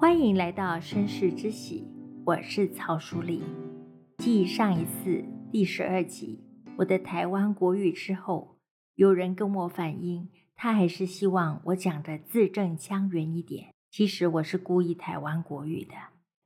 歡迎來到《紳士之喜》，我是曹淑玲。繼上一次第十二集我的台灣國語之後，有人跟我反映，他還是希望我講的字正腔圓一點。其實我是故意台灣國語的，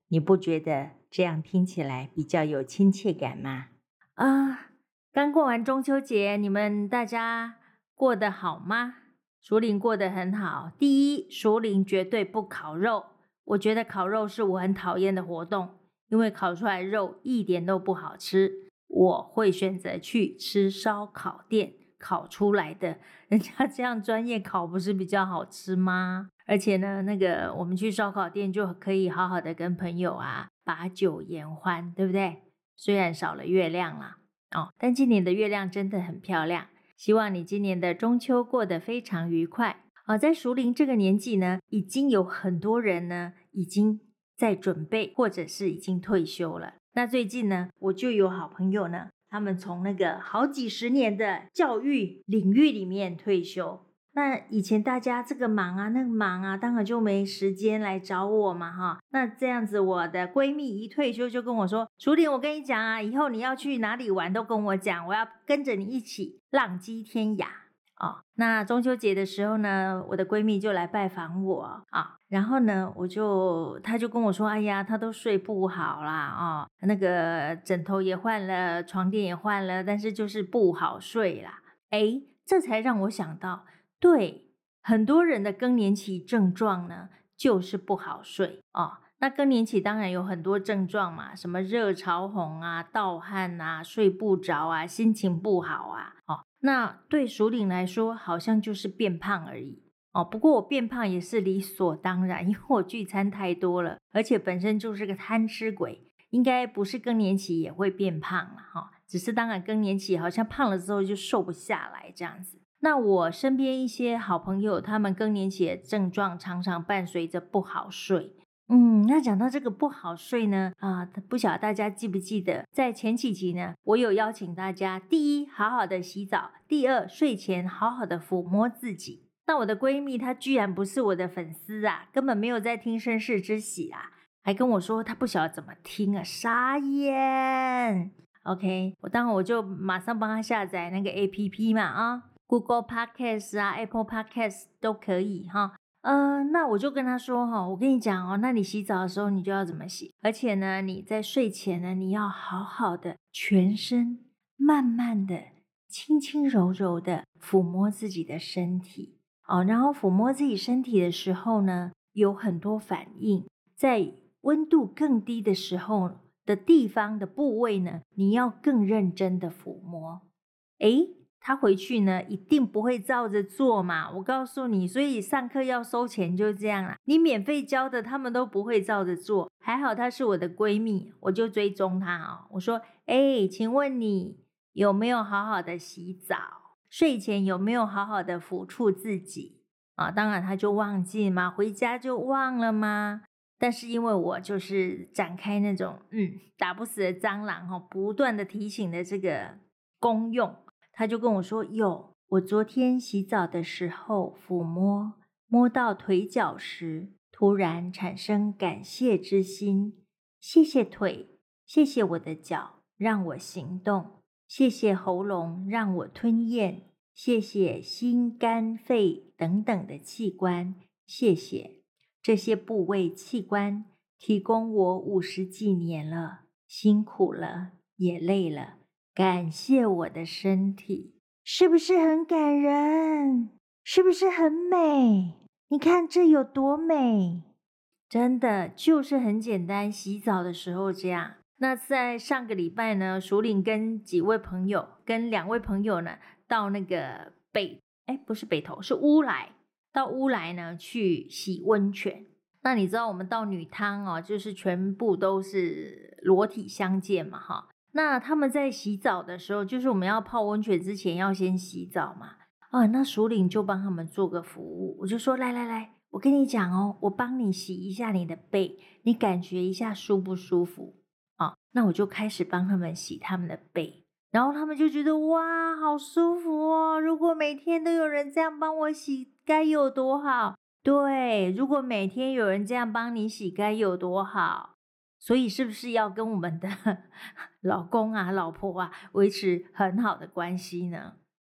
你不覺得這樣聽起來比較有親切感嗎？啊，剛過完中秋節，你們大家過得好嗎？淑玲過得很好。第一，淑玲絕對不烤肉。我覺得烤肉是我很討厭的活動，因為烤出來肉一點都不好吃。我會選擇去吃燒烤店烤出來的，人家這樣專業烤不是比較好吃嗎？而且呢，那個我們去燒烤店就可以好好的跟朋友啊把酒言歡，對不對？雖然少了月亮了哦，但今年的月亮真的很漂亮。希望你今年的中秋過得非常愉快。啊，在熟齡這個年紀呢，已經有很多人呢已經在準備，或者是已經退休了。那最近呢，我就有好朋友呢，他們從那個好幾十年的教育領域裡面退休。那以前大家這個忙啊，那個忙啊，當然就沒時間來找我嘛，哈。那這樣子，我的閨蜜一退休就跟我說：“熟齡，我跟你講啊，以後你要去哪裡玩都跟我講，我要跟着你一起浪跡天涯。”哦，那中秋節的時候呢，我的閨蜜就來拜訪我啊，哦，然後呢，我就她就跟我說：“哎呀，她都睡不好啦啊，哦，那個枕頭也換了，床墊也換了，但是就是不好睡啦。”哎，這才讓我想到，對，很多人的更年期症狀呢，就是不好睡啊，哦。那更年期當然有很多症狀嘛，什麼熱潮紅啊、盜汗啊、睡不着啊、心情不好啊，哦。那對熟齡來說，好像就是變胖而已哦。不過我變胖也是理所當然，因為我聚餐太多了，而且本身就是個貪吃鬼，應該不是更年期也會變胖了哈，哦。只是當然，更年期好像胖了之後就瘦不下來這樣子。那我身邊一些好朋友，他們更年期的症狀常常伴隨着不好睡。嗯，那講到這個不好睡呢，啊，不曉得大家記不記得，在前幾集呢，我有邀請大家，第一，好好的洗澡，第二，睡前好好的撫摸自己。那我的閨蜜，她居然不是我的粉絲啊，根本沒有在聽《聲勢之喜》啊，還跟我說她不曉得怎麼聽啊，傻眼。OK，我待會我就馬上幫她下載那個 APP 嘛，啊，Google 啊，Google Podcast 啊，Apple Podcast 都可以哈。嗯、呃，那我就跟他說哈，我跟你講哦，那你洗澡的時候，你就要怎麼洗，而且呢，你在睡前呢，你要好好的全身慢慢的、輕輕柔柔的撫摸自己的身體哦，然後撫摸自己身體的時候呢，有很多反應，在溫度更低的時候的地方的部位呢，你要更認真的撫摸，誒她回去呢，一定不會照着做嘛。我告訴你，所以上課要收錢就這樣啦，你免費教的，他們都不會照着做。還好她是我的閨蜜，我就追蹤她啊。我說：“哎，請問你有沒有好好的洗澡？睡前有沒有好好的撫觸自己？”啊，當然她就忘記嘛，回家就忘了嘛。但是因為我就是展開那種嗯，打不死的蟑螂哈，不斷的提醒的這個功用。他就跟我說：“喲，我昨天洗澡的時候撫摸，摸到腿腳時，突然產生感謝之心。謝謝腿，謝謝我的腳，讓我行動；謝謝喉嚨，讓我吞嚥；謝謝心、肝、肺等等的器官，謝謝這些部位器官提供我五十幾年了，辛苦了，也累了。”感謝我的身體，是不是很感人？是不是很美？你看這有多美！真的就是很簡單，洗澡的時候這樣。那在上個禮拜呢，淑玲跟幾位朋友，跟兩位朋友呢，到那個北，哎，不是北投，是烏來，到烏來呢去洗溫泉。那你知道我們到女湯哦，就是全部都是裸體相見嘛，哈。那他們在洗澡的時候，就是我們要泡溫泉之前要先洗澡嘛。啊、哦，那淑玲就幫他們做個服務，我就說來來來，我跟你講哦，我幫你洗一下你的背，你感覺一下舒不舒服啊、哦？那我就開始幫他們洗他們的背，然後他們就覺得哇，好舒服哦。如果每天都有人這樣幫我洗，該有多好？對，如果每天有人這樣幫你洗，該有多好？所以，是不是要跟我們的老公啊、老婆啊維持很好的關係呢？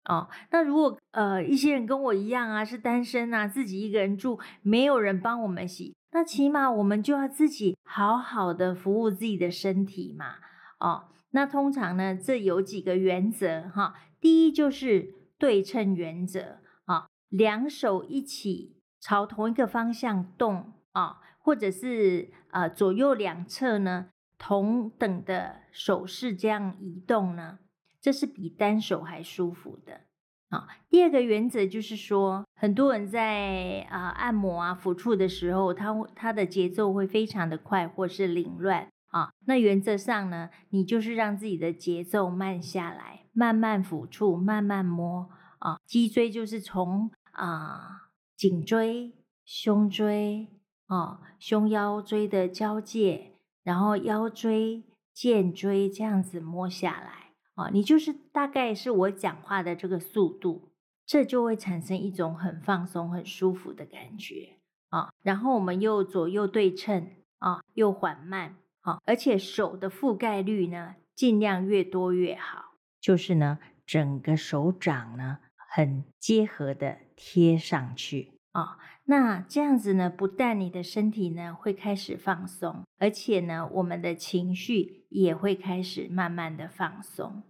哦，那如果呃一些人跟我一樣啊，是單身啊，自己一個人住，沒有人幫我們洗，那起碼我們就要自己好好的服務自己的身體嘛。哦，那通常呢，這有幾個原則哈、哦。第一就是對稱原則啊、哦，兩手一起朝同一個方向動。啊，或者是啊、呃、左右兩側呢同等的手勢這樣移動呢，這是比單手還舒服的啊。第二個原則就是說，很多人在啊、呃、按摩啊撫觸的時候，他他的節奏會非常的快或是凌亂啊。那原則上呢，你就是讓自己的節奏慢下來，慢慢撫觸，慢慢摸啊。脊椎，就是從啊、呃、頸椎、胸椎。啊、哦，胸腰椎的交界，然後腰椎、肩椎這樣子摸下來啊、哦，你就是大概是我講話的這個速度，這就會產生一種很放鬆、很舒服的感覺啊、哦。然後我們又左右對稱啊、哦，又緩慢啊、哦，而且手的覆蓋率呢，盡量越多越好，就是呢，整個手掌呢很結合的貼上去啊。哦。那這樣子呢，不但你的身體呢會開始放鬆，而且呢，我們的情緒也會開始慢慢的放鬆。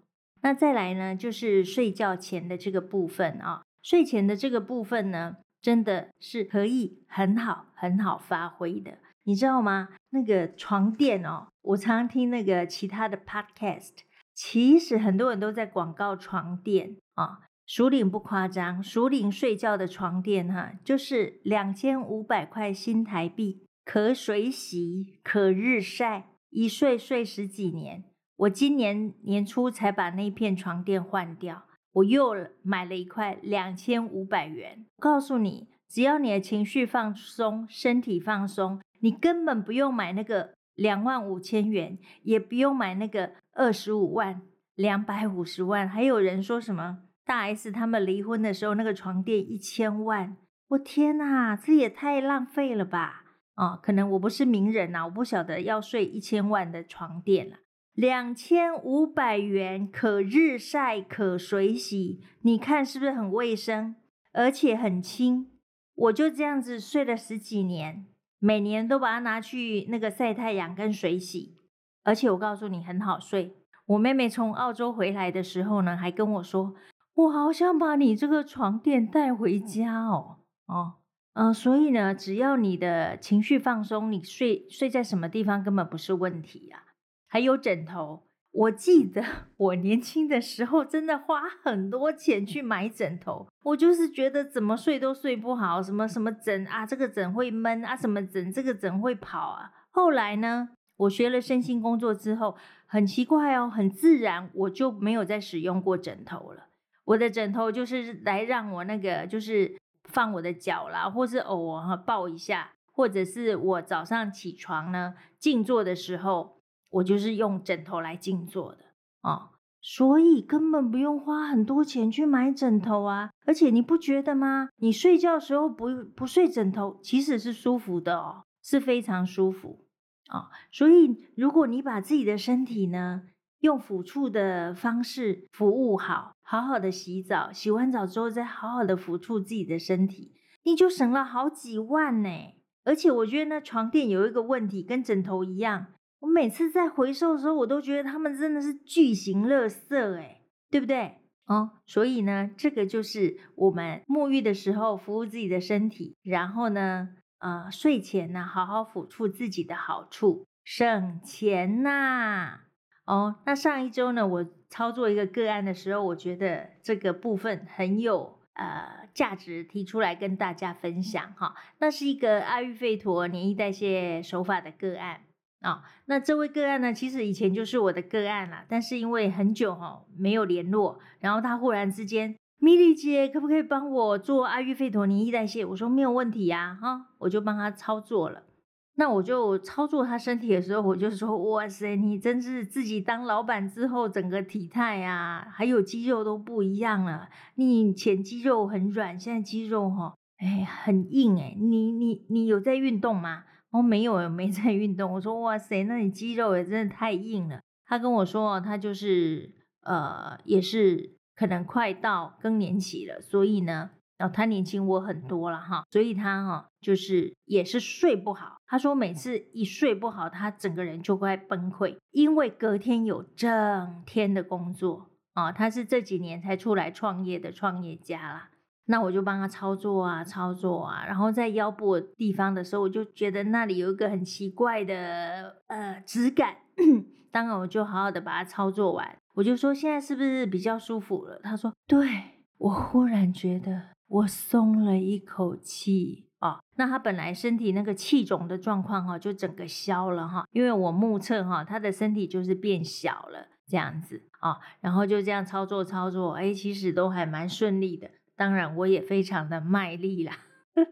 那再來呢，就是睡覺前的這個部分啊、喔，睡前的這個部分呢，真的是可以很好、很好發揮的，你知道嗎？那個床墊哦，我常聽那個其他的 podcast，其實很多人都在廣告床墊啊。熟齡不誇張，熟齡睡覺的床墊哈、啊，就是兩千五百塊新台幣，可水洗，可日曬，一睡睡十幾年。我今年年初才把那片床墊換掉，我又買了一塊兩千五百元。告訴你，只要你的情緒放鬆，身體放鬆，你根本不用買那個兩萬五千元，也不用買那個二十五萬、兩百五十萬，還有人說什麼？大 S 他們離婚的時候，那個床墊一千萬，我天吶，這也太浪費了吧！啊、哦，可能我不是名人吶、啊，我不曉得要睡一千萬的床墊了。兩千五百元，可日曬可水洗，你看是不是很衛生？而且很輕，我就這樣子睡了十幾年，每年都把它拿去那個曬太陽跟水洗，而且我告訴你很好睡。我妹妹從澳洲回來的時候呢，還跟我說。我好想把你這個床墊帶回家哦！哦，嗯、呃，所以呢，只要你的情緒放鬆，你睡睡在什麼地方根本不是問題啊。還有枕頭，我記得我年輕的時候真的花很多錢去買枕頭，我就是覺得怎麼睡都睡不好，什麼什麼枕啊，這個枕會悶啊，什麼枕這個枕會跑啊。後來呢，我學了身心工作之後，很奇怪哦，很自然我就沒有再使用過枕頭了。我的枕頭就是來讓我那個，就是放我的腳啦，或是偶爾抱一下，或者是我早上起床呢，靜坐的時候，我就是用枕頭來靜坐的啊、哦，所以根本不用花很多錢去買枕頭啊，而且你不覺得嗎？你睡覺的時候不不睡枕頭，其實是舒服的哦，是非常舒服啊、哦，所以如果你把自己的身體呢，用撫觸的方式服務好，好好的洗澡，洗完澡之後再好好的撫觸自己的身體，你就省了好幾萬呢、欸。而且我覺得那床墊有一個問題，跟枕頭一樣，我每次在回收的時候，我都覺得他們真的是巨型樂色哎，對不對？哦，所以呢，這個就是我們沐浴的時候服務自己的身體，然後呢，呃，睡前呢，好好撫觸自己的好處，省錢吶、啊。哦，那上一周呢，我操作一個個案的時候，我覺得這個部分很有呃價值，提出來跟大家分享哈、哦。那是一個阿育吠陀黏液代謝手法的個案啊、哦。那這位個案呢，其實以前就是我的個案啦，但是因為很久哈、哦、沒有聯絡，然後他忽然之間，米莉姐可不可以幫我做阿育吠陀黏液代謝？我說沒有問題呀、啊，哈、哦，我就幫他操作了。那我就操作他身體的時候，我就說：“哇塞，你真是自己當老闆之後，整個體態呀、啊，還有肌肉都不一樣了。你以前肌肉很軟，現在肌肉吼、哦，哎，很硬哎。你你你有在運動嗎？哦，沒有，沒在運動。我說，哇塞，那你肌肉也真的太硬了。”他跟我說，他就是呃，也是可能快到更年期了，所以呢。然、哦、後他年輕我很多了哈，所以他哈、哦、就是也是睡不好。他說每次一睡不好，他整個人就快崩潰，因為隔天有整天的工作啊、哦。他是這幾年才出來創業的創業家啦，那我就幫他操作啊，操作啊。然後在腰部的地方的時候，我就覺得那裡有一個很奇怪的呃質感。當然我就好好的把它操作完。我就說現在是不是比較舒服了？他說對。我忽然覺得。我鬆了一口氣哦，那他本來身體那個氣腫的狀況哈，就整個消了哈，因為我目測哈，他的身體就是變小了這樣子啊，然後就這樣操作操作，哎，其實都還蠻順利的，當然我也非常的賣力啦。呵呵，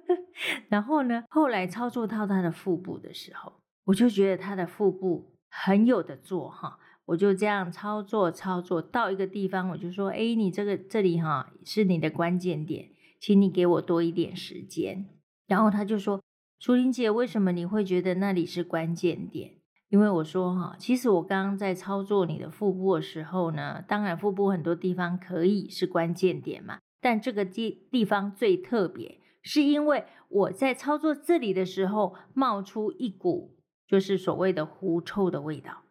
然後呢，後來操作到他的腹部的時候，我就覺得他的腹部很有得做哈，我就這樣操作操作到一個地方，我就說，哎，你這個這裡哈，是你的關鍵點。請你給我多一點時間。然後他就說：“楚林姐，為什麼你會覺得那裡是關鍵點？因為我說哈，其實我剛剛在操作你的腹部的時候呢，當然腹部很多地方可以是關鍵點嘛，但這個地地方最特別，是因為我在操作這裡的時候冒出一股就是所謂的狐臭的味道。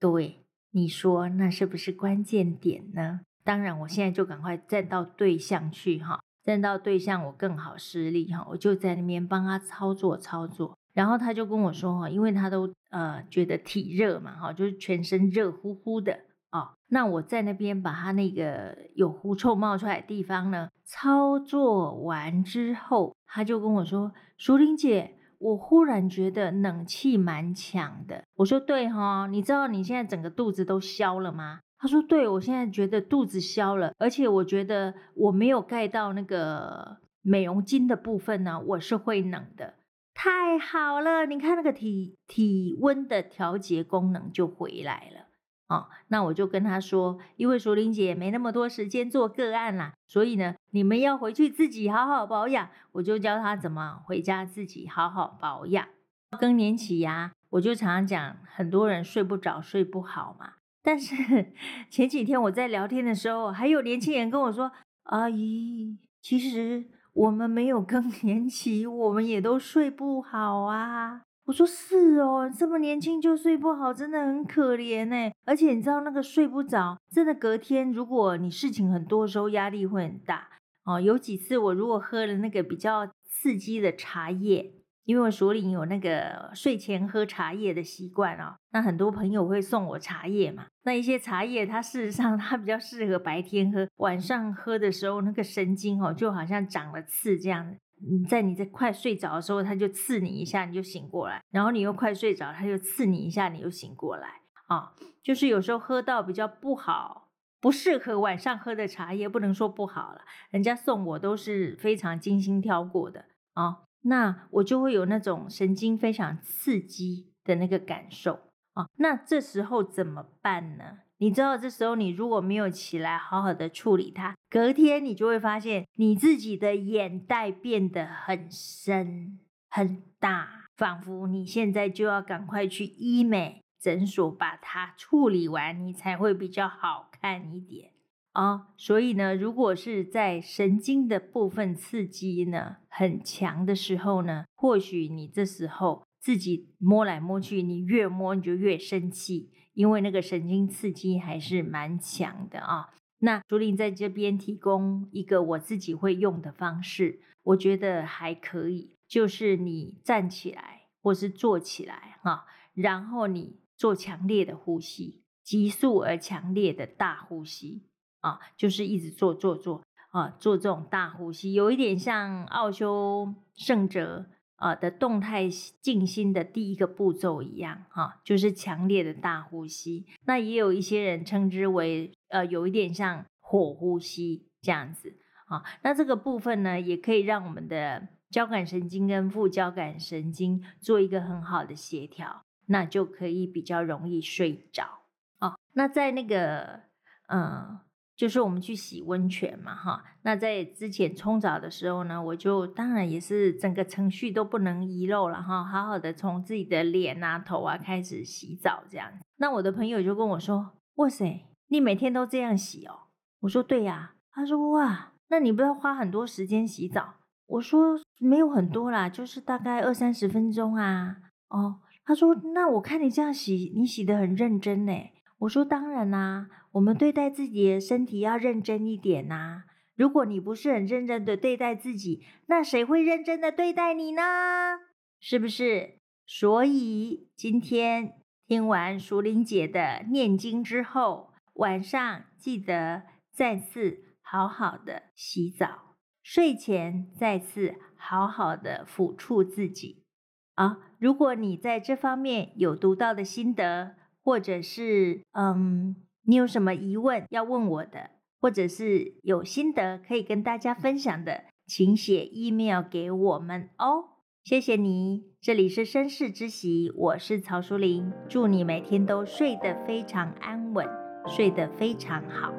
對，你說那是不是關鍵點呢？當然，我現在就趕快站到對象去哈。”見到對象我更好施力哈，我就在那邊幫他操作操作，然後他就跟我說哈，因為他都呃覺得體熱嘛哈，就是全身熱乎乎的啊、哦。那我在那邊把他那個有狐臭冒出來的地方呢，操作完之後，他就跟我說：“淑玲姐，我忽然覺得冷氣蠻強的。”我說：“對哈、哦，你知道你現在整個肚子都消了嗎？”他說：“對，我現在覺得肚子消了，而且我覺得我沒有蓋到那個美容巾的部分呢，我是會冷的。太好了，你看那個體體溫的調節功能就回來了啊。哦！那我就跟他說，因為舒玲姐沒那麼多時間做個案啦，所以呢，你們要回去自己好好保養。我就教他怎麼回家自己好好保養。更年期呀、啊，我就常常講，很多人睡不着、睡不好嘛。”但是前幾天我在聊天的時候，還有年輕人跟我說：“阿姨，其實我們沒有更年期，我們也都睡不好啊。”我說：“是哦，這麼年輕就睡不好，真的很可憐哎。而且你知道那個睡不着，真的隔天如果你事情很多的時候，壓力會很大哦。有幾次我如果喝了那個比較刺激的茶葉。”因為我所裡有那個睡前喝茶葉的習慣哦，那很多朋友會送我茶葉嘛。那一些茶葉，它事實上它比較適合白天喝，晚上喝的時候，那個神經哦就好像長了刺這樣，你在你在快睡着的時候，它就刺你一下，你就醒過來；然後你又快睡着，它就刺你一下，你又醒過來。啊、哦，就是有時候喝到比較不好、不適合晚上喝的茶葉，不能說不好了。人家送我都是非常精心挑過的啊。哦。那我就會有那種神經非常刺激的那個感受啊！那這時候怎麼辦呢？你知道，這時候你如果沒有起來好好的處理它，隔天你就會發現你自己的眼袋變得很深很大，仿佛你現在就要趕快去醫美診所把它處理完，你才會比較好看一點。啊、哦，所以呢，如果是在神經的部分刺激呢，很強的時候呢，或許你這時候自己摸來摸去，你越摸你就越生氣，因為那個神經刺激還是蠻強的啊、哦。那竹林在這邊提供一個我自己會用的方式，我覺得還可以，就是你站起來或是坐起來哈、哦，然後你做強烈的呼吸，急速而強烈的大呼吸。啊，就是一直做做做啊，做這種大呼吸，有一點像奧修聖者啊的動態靜心的第一個步驟一樣，啊，就是強烈的大呼吸。那也有一些人稱之為呃、啊，有一點像火呼吸這樣子啊。那這個部分呢，也可以讓我們的交感神經跟副交感神經做一個很好的協調，那就可以比較容易睡着。啊。那在那個嗯。就是我們去洗溫泉嘛，哈，那在之前沖澡的時候呢，我就當然也是整個程序都不能遺漏了哈，好好的從自己的臉啊、頭啊開始洗澡這樣。那我的朋友就跟我說：“哇塞，你每天都這樣洗哦？”我說：“對呀。”他說：“哇，那你不要花很多時間洗澡？”我說：“沒有很多啦，就是大概二三十分鐘啊。”哦，他說：“那我看你這樣洗，你洗得很認真呢。”我說當然啦，啊，我們對待自己的身體要認真一點吶，啊。如果你不是很認真的對待自己，那誰會認真的對待你呢？是不是？所以今天聽完淑玲姐的念經之後，晚上記得再次好好的洗澡，睡前再次好好的撫觸自己啊。如果你在這方面有獨到的心得，或者是嗯，你有什麼疑問要問我的，或者是有心得可以跟大家分享的，請寫 email 給我們哦。謝謝你，這裡是《紳士之喜》，我是曹淑玲，祝你每天都睡得非常安穩，睡得非常好。